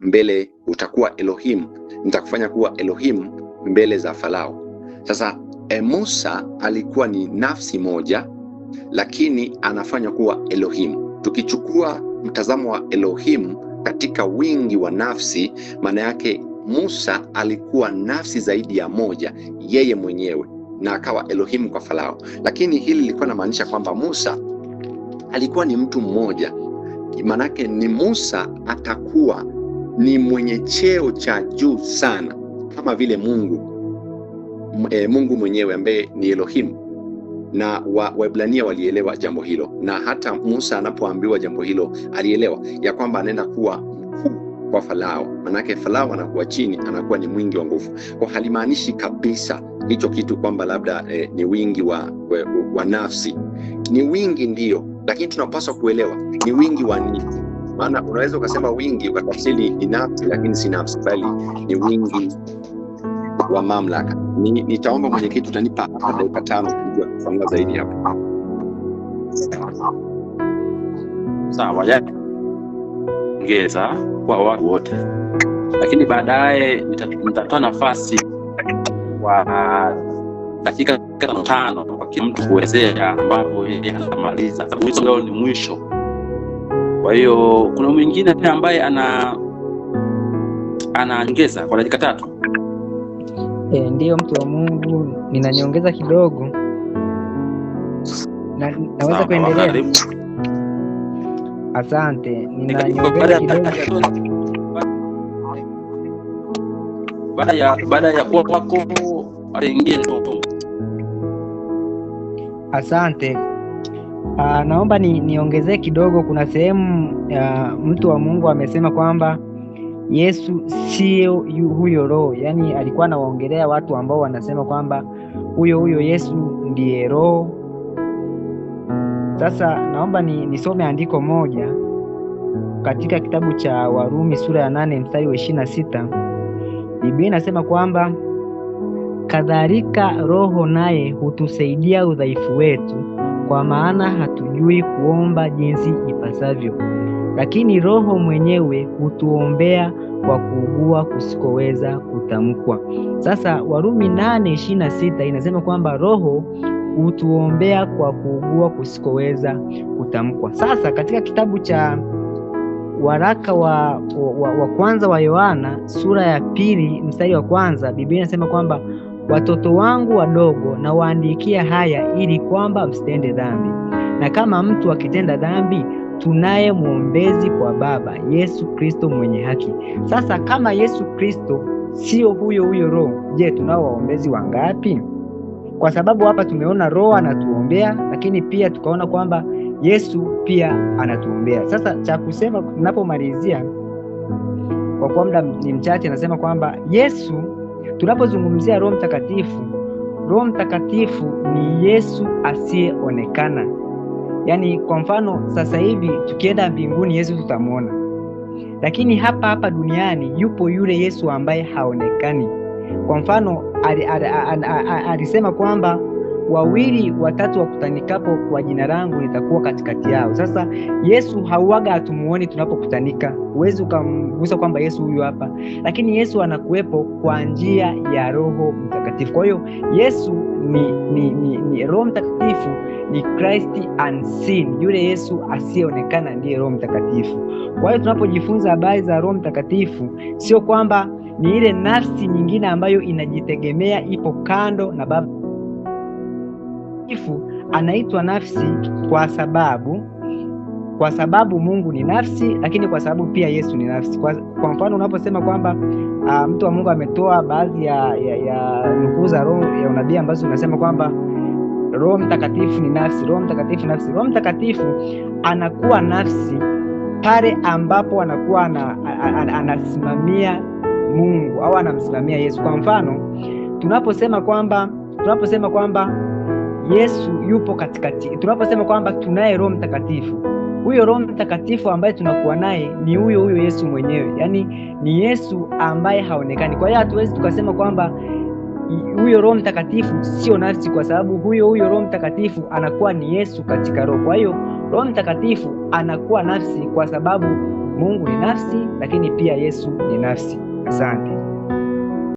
mbele utakuwa Elohim, nitakufanya kuwa Elohim mbele za Farao. Sasa e, Musa alikuwa ni nafsi moja, lakini anafanywa kuwa Elohim. Tukichukua mtazamo wa Elohim katika wingi wa nafsi, maana yake Musa alikuwa nafsi zaidi ya moja yeye mwenyewe, na akawa Elohim kwa Farao. Lakini hili lilikuwa namaanisha kwamba Musa alikuwa ni mtu mmoja, maanake ni Musa atakuwa ni mwenye cheo cha juu sana kama vile Mungu e, Mungu mwenyewe ambaye ni Elohim na Waebrania wa walielewa jambo hilo, na hata Musa anapoambiwa jambo hilo alielewa ya kwamba anaenda kuwa mkuu kwa Farao. Manake Farao anakuwa chini, anakuwa ni mwingi wa nguvu, kwa halimaanishi kabisa hicho kitu kwamba labda e, ni wingi wa, wa, wa nafsi. Ni wingi ndiyo, lakini tunapaswa kuelewa ni wingi wa maana unaweza ukasema wingi ukatafsiri ni nafsi, lakini si nafsi, bali ni wingi wa mamlaka. Nitaomba ni mwenyekiti utanipa dakika tano kuja kufanua zaidi hapo. Sawa, yaongeza yaani kwa watu wote, lakini baadaye nitatoa nafasi kwa dakika tano kwa kila mtu kuwezea ambapo yeye anamaliza, sababu hizo leo ni mwisho kwa hiyo kuna mwingine pia ambaye ana anaongeza kwa dakika tatu. E, eh, ndiyo mtu wa Mungu, ninanyongeza kidogo na, naweza kuendelea. Asante, ninanyongeza kidogo baada ya baada ya kuwa kwako aingie. Asante. Uh, naomba ni, niongezee kidogo. Kuna sehemu uh, mtu wa Mungu amesema kwamba Yesu sio huyo roho, yaani alikuwa anawaongelea watu ambao wanasema kwamba huyo huyo Yesu ndiye roho. Sasa naomba ni, nisome andiko moja katika kitabu cha Warumi sura ya nane mstari wa ishirini na sita. Biblia inasema kwamba kadhalika Roho naye hutusaidia udhaifu wetu kwa maana hatujui kuomba jinsi ipasavyo, lakini Roho mwenyewe hutuombea kwa kuugua kusikoweza kutamkwa. Sasa Warumi nane ishirini na sita inasema kwamba Roho hutuombea kwa kuugua kusikoweza kutamkwa. Sasa katika kitabu cha waraka wa, wa, wa kwanza wa Yohana sura ya pili mstari wa kwanza Biblia inasema kwamba watoto wangu wadogo nawaandikia haya ili kwamba msitende dhambi. Na kama mtu akitenda dhambi tunaye mwombezi kwa Baba, Yesu Kristo mwenye haki. Sasa kama Yesu Kristo sio huyo huyo Roho, je, tunao waombezi wangapi? Kwa sababu hapa tumeona Roho anatuombea, lakini pia tukaona kwamba Yesu pia anatuombea. Sasa cha kusema tunapomalizia, kwa kuwa muda ni mchache, anasema kwamba Yesu Tunapozungumzia Roho Mtakatifu, Roho Mtakatifu ni Yesu asiyeonekana. Yaani kwa mfano sasa hivi tukienda mbinguni Yesu tutamwona, lakini hapa hapa duniani yupo yule Yesu ambaye haonekani. Kwa mfano alisema kwamba wawili watatu wakutanikapo kwa jina langu nitakuwa katikati yao. Sasa Yesu hauaga hatumuoni tunapokutanika, huwezi ukamgusa kwamba Yesu huyu hapa, lakini Yesu anakuwepo kwa njia ya Roho Mtakatifu. Kwa hiyo Yesu ni, ni, ni, ni Roho Mtakatifu ni Christ unseen, yule Yesu asiyeonekana ndiye Roho Mtakatifu. Kwa hiyo tunapojifunza habari za Roho Mtakatifu sio kwamba ni ile nafsi nyingine ambayo inajitegemea ipo kando na Baba mtakatifu anaitwa nafsi kwa sababu kwa sababu Mungu ni nafsi, lakini kwa sababu pia Yesu ni nafsi. Kwa, kwa mfano unaposema kwamba uh, mtu wa Mungu ametoa baadhi ya, ya, ya nukuu za roho ya unabii ambazo unasema kwamba Roho Mtakatifu ni nafsi, Roho Mtakatifu nafsi. Roho Mtakatifu anakuwa nafsi pale ambapo anakuwa anasimamia Mungu au anamsimamia Yesu. Kwa mfano tunaposema kwamba tunaposema kwamba Yesu yupo katikati. Tunaposema kwamba tunaye Roho Mtakatifu, huyo Roho Mtakatifu ambaye tunakuwa naye ni huyo huyo Yesu mwenyewe, yaani ni Yesu ambaye haonekani. Kwa hiyo hatuwezi tukasema kwamba huyo Roho Mtakatifu sio nafsi, kwa sababu huyo huyo Roho Mtakatifu anakuwa ni Yesu katika roho. Kwa hiyo Roho Mtakatifu anakuwa nafsi kwa sababu Mungu ni nafsi, lakini pia Yesu ni nafsi. Asante.